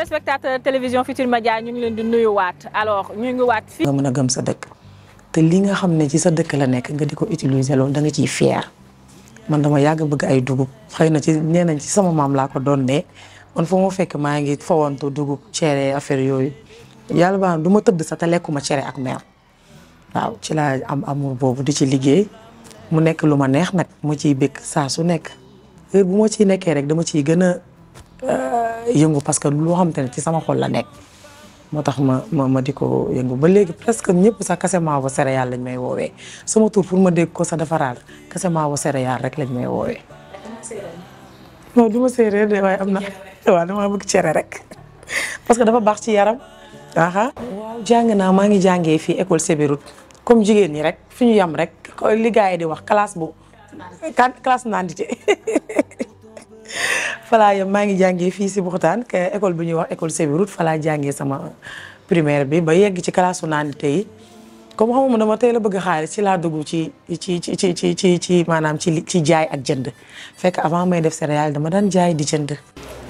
téléspectateur télévision Futur Media ñu ngi leen di nuyuwaat alors ñu ngi waat fii. nga mën a gëm sa dëkk te lii nga xam ne ci sa dëkk la nekk nga di ko utiliser loolu danga ciy fier man dama yàgg bëgg ay dugub xëy na ci nee nañ ci sama maam laa ko doon ne man foo mu fekk maa ngi fawantu dugub cere affaire yooyu yàlla baax du ma tëdd sa te lekkuma cere ak meew waaw ci laa am amul boobu di ci liggéey mu nekk lu ma neex nag mu ciy bëgg saa su nekk heure bu ma ciy nekkee rek dama ciy gën a Euh, yëngu parce que loo xamante ne ci sama xol la nekk moo tax ma ma ma di ko yëngu ba léegi presque ñëpp sax kase Mabo céréale lañ may woowe sama tur pour ma dégg ko sax dafa raar kase Mabo céréale rek lañ may woowee. non du ma séeréer de waaye am na waa damaa bëgg cere rek parce que dafa baax ci yaram. waaw jàng naa maa ngi jàngee fii école Sébérut comme jigéen ñi rek fi ñu yam rek li di wax classe bu classe nandite falaa yam maa ngi jàngee fii si Buxtaan école bi ñuy wax école Sébirut falaa jàngee sama primaire bi ba yegg ci classe naanute yi comme xamuma dama tey la bëgg xaalis ci laa dugg ci ci ci ci ci ci maanaam ci ci jaay ak jënd fekk avant may def céréale dama daan jaay di jënd.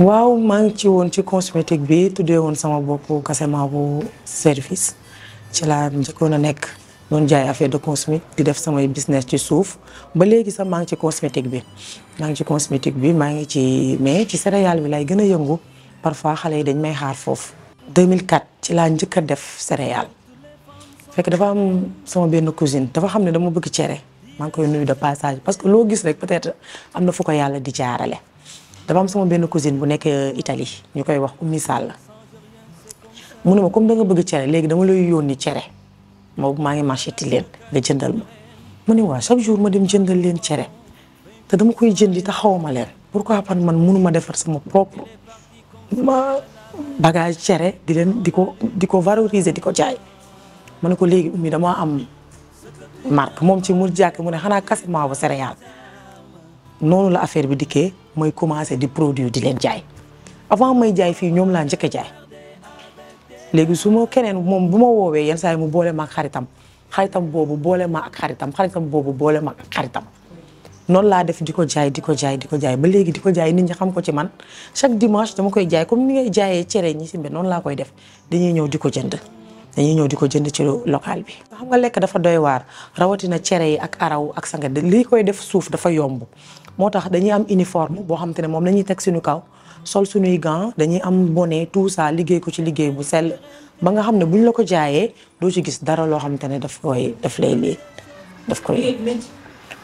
waaw maa ngi ci woon ci cosmétique bi tuddee woon sama bopp Kasema bu service ci laa njëkkoon a nekk. doon jaay affaire de cosmétique di def samay business ci suuf ba léegi sax maa ngi ci cosmétique bi maa ngi ci cosmétique bi maa ngi ci mais ci céréale bi lay gën a yëngu parfois xale yi dañ may xaar foofu 2004 ci laa njëkk a def céréale fekk dafa am sama benn cousine dafa xam ne dama bëgg cere maa ngi koy nuyu de passage parce que loo gis rek peut am na fu ko yàlla di jaarale dafa am sama benn cousine bu nekk euh, Italie ñu koy wax Oumy Sall mu ne ma comme da nga bëgg cere léegi dama lay yónni cere boobu maa ngi marché ti leen nga jëndal ma mu ne waa chaque jour ma dem jëndal leen cere te dama koy jëndi te xawma leen pour pourquoi pas man mënuma defar sama propre ma bagage cere di leen di ko di ko valoriser di ko jaay ma ne ko léegi ummi damaa am marque moom ci mu jàkk mu ne xanaa kase maa ba céréale noonu la affaire bi dikkee mooy commencé di produire di leen jaay avant may jaay fii ñoom laa njëkk a jaay léegi su ma keneen moom bu ma woowee yenn saa yi mu boole ma ak xaritam xaritam boobu boole ma ak xaritam xaritam boobu boole ma ak noonu laa def di ko jaay di ko jaay di ko jaay ba léegi di ko jaay nit ñi xam ko ci man chaque dimanche dama koy jaay comme ni ngay jaayee cere ñi si mbir noonu laa koy def dañuy ñëw di ko jënd dañuy ñëw di ko jënd ci local bi. xam nga lekk dafa doy waar rawatina cere yi ak araw ak sanga lii koy def suuf dafa yomb moo tax dañuy am uniforme boo xam te la ñuy teg suñu kaw. sol suñuy gan dañuy am bonnet tout saa liggéey ko ci liggéey bu sell ba nga xam ne buñ la ko jaayee doo ci gis dara loo xamante ne daf koy daf lay lii daf koy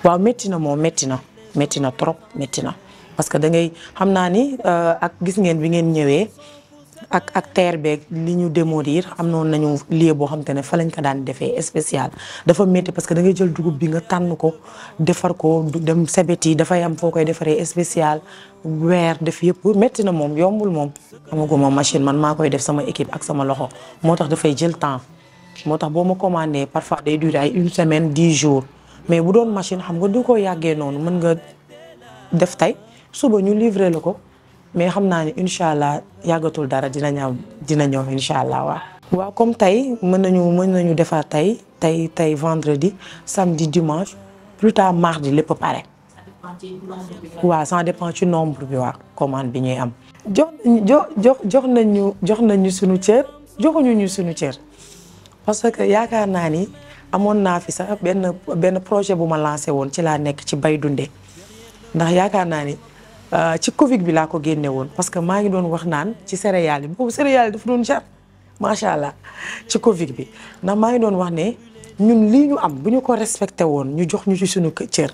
waaw métti na moom métti na métti na trop métti na parce que da ngay xam naa ni euh, ak gis ngeen bi ngeen ñëwee ak ak terre beeg li ñu démolir am noonu nañu lieu boo xam te ne fa lañ ko daan defee spécial dafa métti parce que da ngay jël dugub bi nga tànn ko defar ko dem sebet yi dafay am foo koy defaree spécial weer def yëpp métti na moom yombul moom amaguma machine man maa koy def sama équipe ak sama loxo moo tax dafay jël temps moo tax boo ma commandé parfois day durer ay une semaine dix jours mais bu doon machine xam nga du ko yàggee noonu mën nga def tey suba ñu livré la ko mais xam naa ne incha allah yàggatul dara dina ñaw dina ñëw incha allah waaw. waaw comme tey mën nañu mën nañu defar tey tey tey vendredi samedi dimanche plus tard mardi lépp pare. waaw ça dépend ci nombre bi waa commande bi ñuy am. jox jox jox jox nañ ñu jox nañ suñu cër joxuñu ñu suñu cër parce que yaakaar naa ni amoon naa fi sax benn benn projet bu ma lancé woon ci laa nekk ci bay dunde ndax yaakaar naa ni. Euh, ci Covid bi laa ko génne woon parce que maa ngi doon wax naan ci céréales yi boobu céréales yi dafa doon jar macha allah ci Covid bi ndax maa ngi doon wax ne ñun lii ñu am bu ñu ko respecté woon ñu jox ñu ci suñu cër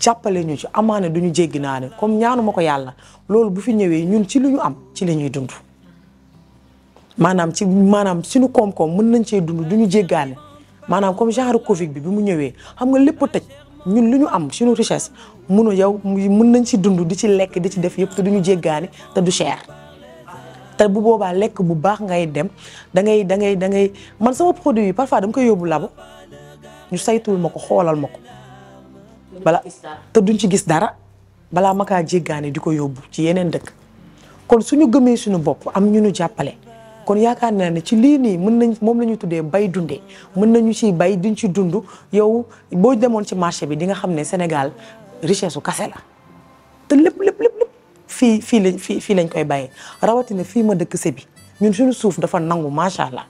jàppale ñu ci amaana du ñu jéggi naa ne comme ñaanu ma ko yàlla loolu bu fi ñëwee ñun ci li ñu am ci la ñuy dund. maanaam ci maanaam suñu koom-koom mën nañ cee dund du ñu jéggaane maanaam comme genre Covid bi bi mu ñëwee xam nga lépp tëj. ñun lu ñu am suñu richesse munu yow mun nañ ci dund di ci lekk di ci def yëpp te du ñu jéggaani te du cher te bu boobaa lekk bu baax ngay dem dangay ngay da ngay da ngay man sama produit yi parfois dam koy yóbbu labo ñu saytul ma ko xoolal ma ko. bala te duñ ci gis dara balaa ma kaa jéggaani di ko yóbbu ci yeneen dëkk kon suñu gëmee suñu bopp am ñu nu jàppale. kon yaakaar naa ne ci lii nii mën nañ moom la ñu tuddee bay dundee mën nañu ciy bay duñ ci dund yow boo demoon ci marché bi di nga xam ne Sénégal richesse su kase la te lépp lépp lépp fii fii lañ fii fii lañ koy bàyyee rawatina fii ma dëkk Sébi ñun suñu suuf dafa nangu macha allah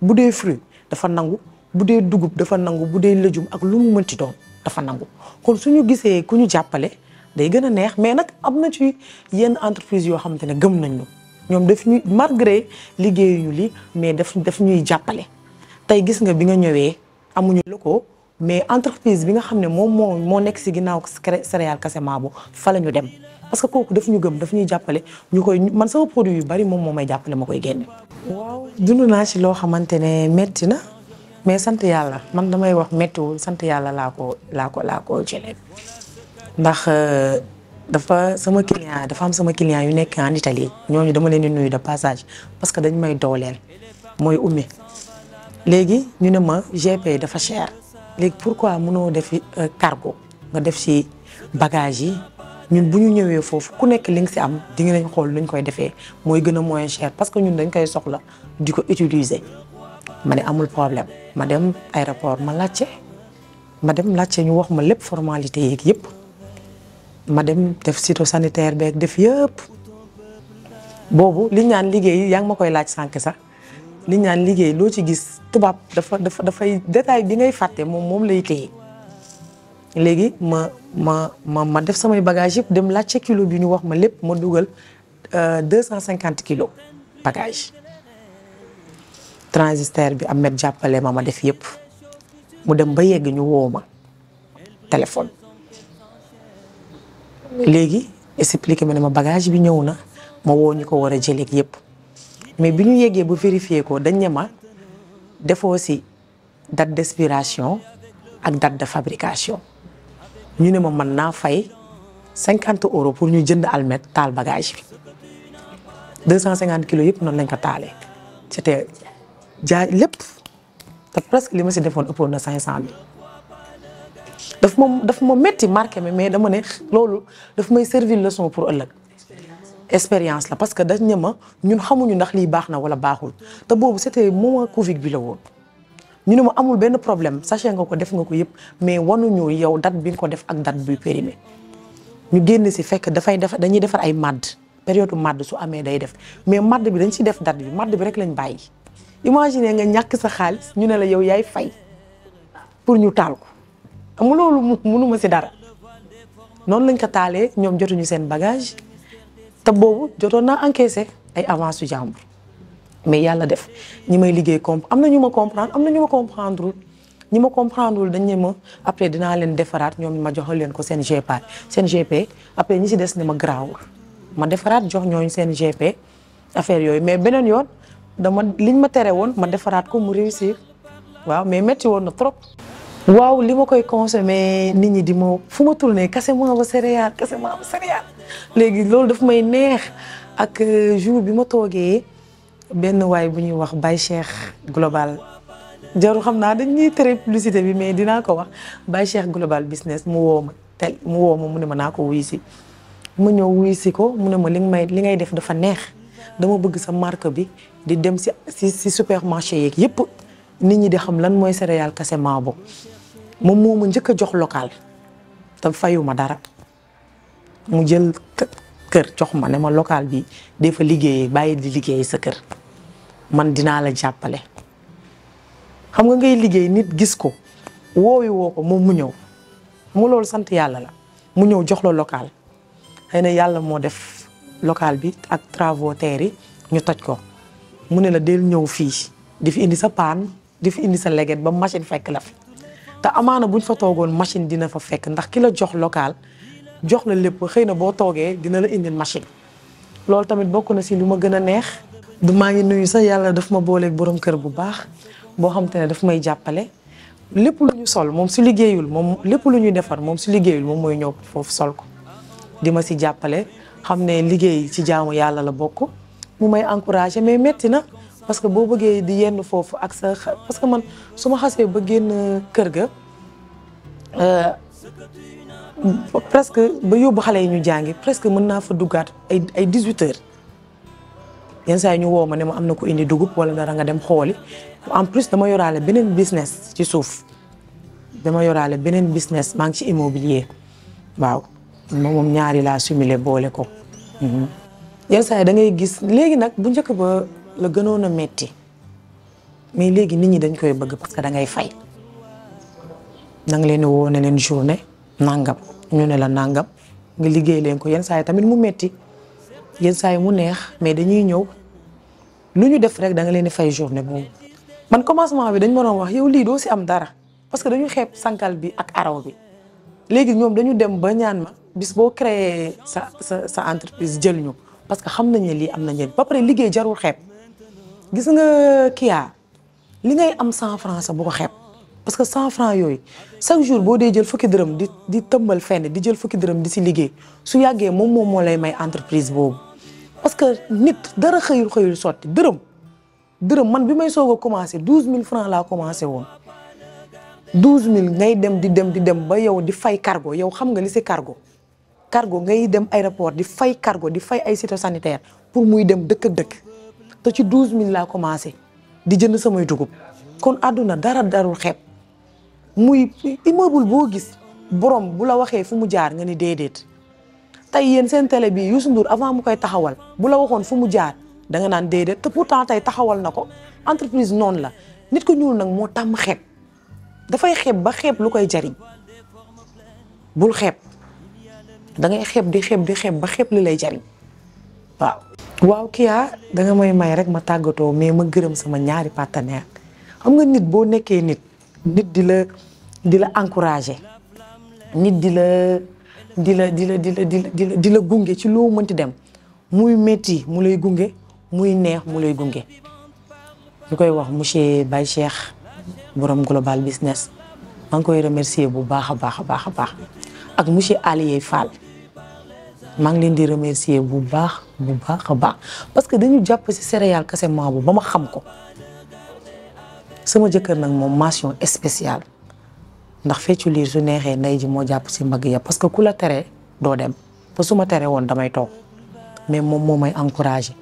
bu dee fruit dafa nangu bu dee dugub dafa nangu bu dee lëjum ak lu mu mënti doon dafa nangu kon su ñu gisee ku ñu jàppale day gën a neex mais nag am na ci yenn entreprise yoo xamante ne gëm nañ ñu ñoom daf ñuy malgré liggéeyuñu li mais daf daf ñuy jàppale tey gis nga bi nga ñëwee amuñu la ko mais entreprise bi nga xam ne moom moo moo nekk si ginnaaw céréale Casamance bu fa la ñu dem parce que kooku daf ñu gëm daf ñuy jàppale ñu koy man sama produit yu bari moom moo may jàppale ma koy génne. waaw dund naa ci loo xamante ne métti na mais sant yàlla man damay wax méttiwul sant yàlla laa ko laa ko laa ko jëlee ndax euh, dafa sama client dafa am sama client yu nekk en Italie ñooñu dama leen di nuyu de passage parce que dañ may dooleel mooy ummi léegi ñu ne ma GP dafa cher léegi quoi munoo def euh, cargo nga def ci bagage yi ñun bu ñu ñëwee foofu ku nekk li nga ci am di nga leen xool ñu koy defee mooy gën a moyen cher parce que ñun dañ koy soxla di ko utiliser ma ne amul problème ma dem aéroport ma laajte ma dem laajte ñu wax ma lépp formalité yeeg yëpp. ma dem def sito sanitaire beeg def yëpp boobu li ñaan liggéey yaa ngi ma koy laaj sànq sax liñ ñaan liggéey loo ci gis tubaab dafa dafa dafay détail bi ngay fàtte moom moom lay téye léegi ma ma ma ma def samay bagage yëpp dem laajte kilo bi ñu wax ma lépp ma dugal euh, deux cent cinquante kilos bagage transitaire bi Ahmed jàppale ma ma def yëpp mu dem ba yegg ñu woo ma téléphone léegi expliqué ma ne ma bagage bi ñëw na ma woo ñu ko war a jëlee ak yëpp mais bi ñu yeggee ba vérifié ko dañ ne ma defoo si date d'expiration ak date de fabrication ñu ne ma mën naa fay cinquante euro pour ñu jënd almet taal bagage bi deux cent cinquante kilos yëpp noonu lañ ko taalee c'était jaay lépp te presque li ma si defoon ëppoon na cinq cent daf ma daf ma métti marqué ma mais dama ne loolu daf may servir leçon pour ëllëg. expérience la parce que dañ ne ma ñun xamuñu ndax lii baax na wala baaxul te boobu c'était moment Covid bi la woon. ñu ne ma amul benn problème sachet nga ko def nga ko yëpp mais wanuñu yow date bi nga ko def ak date buy périmé ñu génn si fekk dafay def dañuy defar ay madd période madd su amee day def mais madd bi dañ si def date bi madd bi rek lañ bàyyi. imagine nga ñàkk sa xaalis ñu ne la yow yaay fay pour ñu taal ko. mu loolu mu mënuma si dara noonu lañ ko taalee ñoom jotuñu seen bagage te boobu jotoon naa encaissé ay avance su jàmbur mais yàlla def ñi may liggéey comp am na ñu ma comprendre am na ñu ma comprendre ñi ma comprendre dañ ne ma après dinaa leen defaraat ñoom ma joxal leen ko seen GP seen GP après ñi si des ne ma garaawul ma defaraat jox ñooñu seen GP affaire yooyu mais beneen yoon dama liñ ma tere woon ma defaraat ko mu réussir waaw mais metti woon na trop. waaw li ma koy consommer nit ñi di ma fu ma tourné cassement ba céréale cassement ba céréale léegi loolu dafa may neex ak euh, jour bi ma toogee benn waay bu ñuy wax Baye Cheikh global jaru xam naa dañuy tere publicité bi mais dinaa ko wax Baye Cheikh business mu woo ma tel mu wow ma mu ne ma naa ko wuy si ma ñëw wuy si ko mu ne ma li may li ngay def dafa neex dama bëgg sa marque bi di dem si si si supermarché yeeg yëpp nit ñi di xam lan mooy céréale cassement bo moom moo njëkk a jox local te fayuma dara mu jël kër jox ma ne ma local bi dee fa liggéeyee bàyyi di liggéey sa kër man dinaa la jàppale xam nga ngay liggéey nit gis ko woowi woo ko moom mu ñëw mu loolu sant yàlla la mu ñëw jox la local xëy na yàlla moo def local bi ak travaux terre yi ñu taj ko mu ne la del ñëw fii di fi indi sa paan di fi indi sa leget ba machine fekk la fi te amaana bu ñu fa toogoon machine dina fa fekk ndax ki la jox local jox la lépp xëy na boo toogee dina la indil machine loolu tamit bokk na si lu ma gën a neex du maa ngi nuyu sax yàlla daf ma booleeg borom kër bu baax boo xam te ne dafa may jàppale lépp lu ñu sol moom si liggéeyul moom lépp lu ñuy defar moom si liggéeyul moom mooy ñëw foofu sol ko di ma si jàppale xam ne liggéey ci jaamu yàlla la bokk mu may encouragé mais métti na parce que boo bëggee di yenn foofu ak sa parce que man su ma xasee ba génn kër ga euh, presque ba yóbbu xale yi ñu jàngi presque mën naa fa duggaat ay ay dix yenn saa yi ñu woo ma ne ma am na ko indi dugub wala dara nga dem xooli en plus dama yoraale beneen business ci suuf dama yoraale beneen business maa ngi ci immobilier waaw moom ñaari laa sumile boole ko. Mhm. yenn saa yi da gis léegi nag bu njëkk ba. la gënoon a metti mais léegi nit ñi dañ koy bëgg parce que da ngay fay da leen woo ne leen journée nangam ñu ne la nangam nga liggéey leen ko yenn saa yi tamit mu metti yenn saa yi mu neex mais dañuy ñëw lu ñu def rek da nga leen di fay journée boobu. man commencement bi dañ ma doon wax yow lii doo si am dara parce que dañu xeep sankal bi ak araw bi léegi ñoom dañu dem ba ñaan ma bis boo créer sa sa sa entreprise jël ñu parce que xam nañ ne lii am na njëriñ ba pare liggéey jarul xeeb. gis nga Kia li ngay am cent franc sax bu ko xeeb parce que cent franc yooyu chaque jour boo dee jël fukki dërëm di di tëmbal fenn di jël fukki dërëm di si liggéey su yàggee moom moom moo lay may entreprise boobu parce que nit dara xëyul xëyul sotti dërëm dërëm man bi may soog a commencé douze mille franc laa commencé woon douze mille ngay dem di dem di dem ba yow di fay cargo yow xam nga li si cargo cargo ngay dem aéroport di fay cargo di fay ay cité sanitaire pour muy dem dëkk ak dëkk te ci douze mille laa commencé di jënd samay dugub kon àdduna dara darul xeeb muy immeuble boo gis borom bu la waxee fu mu jaar nga ni déedéet te yéen seen télé bi Youssou Ndour avant mu koy taxawal bu la waxoon fu mu jaar da naan déedéet te pourtant tey taxawal na ko entreprise noonu la nit ku ñuul nag moo tàmm xeeb dafay xeeb ba xeeb lu koy jariñ bul xeeb dangay ngay di xeeb di xeeb ba xeeb li lay jariñ waaw waaw Kia da nga may may rek ma tàggatoo mais ma gërëm sama ñaari partenaire xam nga nit boo nekkee nit nit di la di la encourager nit di la di la di la di la di la di la gunge ci loo mënti dem muy métti mu lay gunge muy neex mu lay gunge ñu koy wax monsieur bay Cheikh borom global business maa ngi koy remercier bu baax a baax a baax a baax ak monsieur Aliye Fall maa ngi leen di remercier bu baax bu baax a baax parce que dañu jàpp ci céréale kase maabu ba ma xam ko sama jëkkër nag moom mention espécial ndax feccu liir su neexee ndey ji moo jàpp ci mbagg ya parce que ku la tere doo dem ba su ma tere woon damay toog mais moom moo may encouragé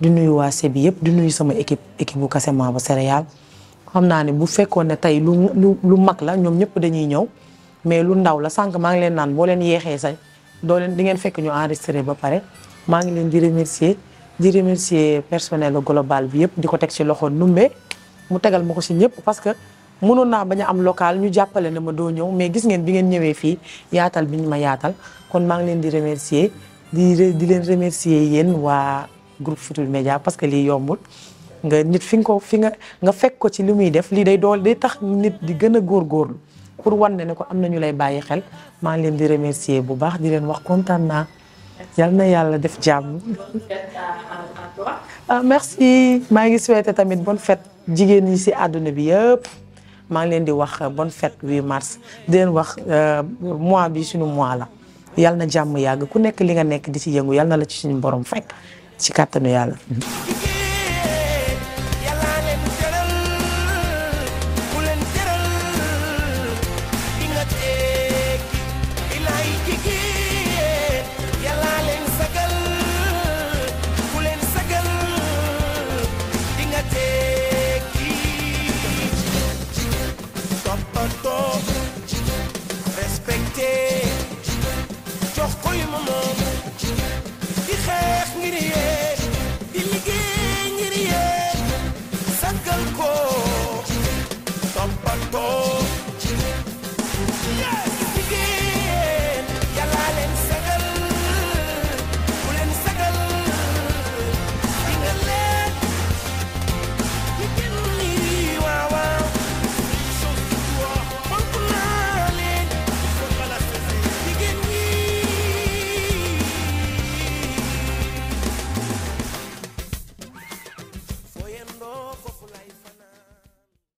di nuyu waa SEB bi yëpp di nuyu sama équipe équipe bu kase maabu céréale xam naa ne bu fekkoon ne tey lu lu mag la ñoom ñëpp dañuy ñëw mais lu ndaw la sànq maa ngi leen naan boo leen yeexee say doo leen di ngeen fekk ñu enregistré ba pare maa ngi leen di remercier di remercier personnel global bi yëpp di ko teg ci loxo numbe mu tegal ma ko si ñëpp parce que mënoon naa ba ñu am local ñu jàppale na ma doo ñëw mais gis ngeen bi ngeen ñëwee fii yaatal bi ñu ma yaatal kon maa ngi leen di remercier di di leen remercier yéen waa groupe Futurs Médias parce que lii yombul nga nit fi nga ko fi nga nga fekk ko ci li muy def lii day dool day tax nit di gën a góorgóorlu pour wan ne ne ko am na ñu lay bàyyi xel maa ngi leen di remercier bu baax di leen wax kontaan naa yal na yàlla def jàmm. ah merci maa ngi souhaité tamit bon fête jigéen ñi ci àdduna bi yëpp maa ngi leen di wax bonne fête 8 mars di leen wax euh, mois bi suñu mois la yal na jàmm yàgg ku nekk li nga nekk di ci yëngu yal na la ci suñu borom fekk ci kàttanu yàlla. todo.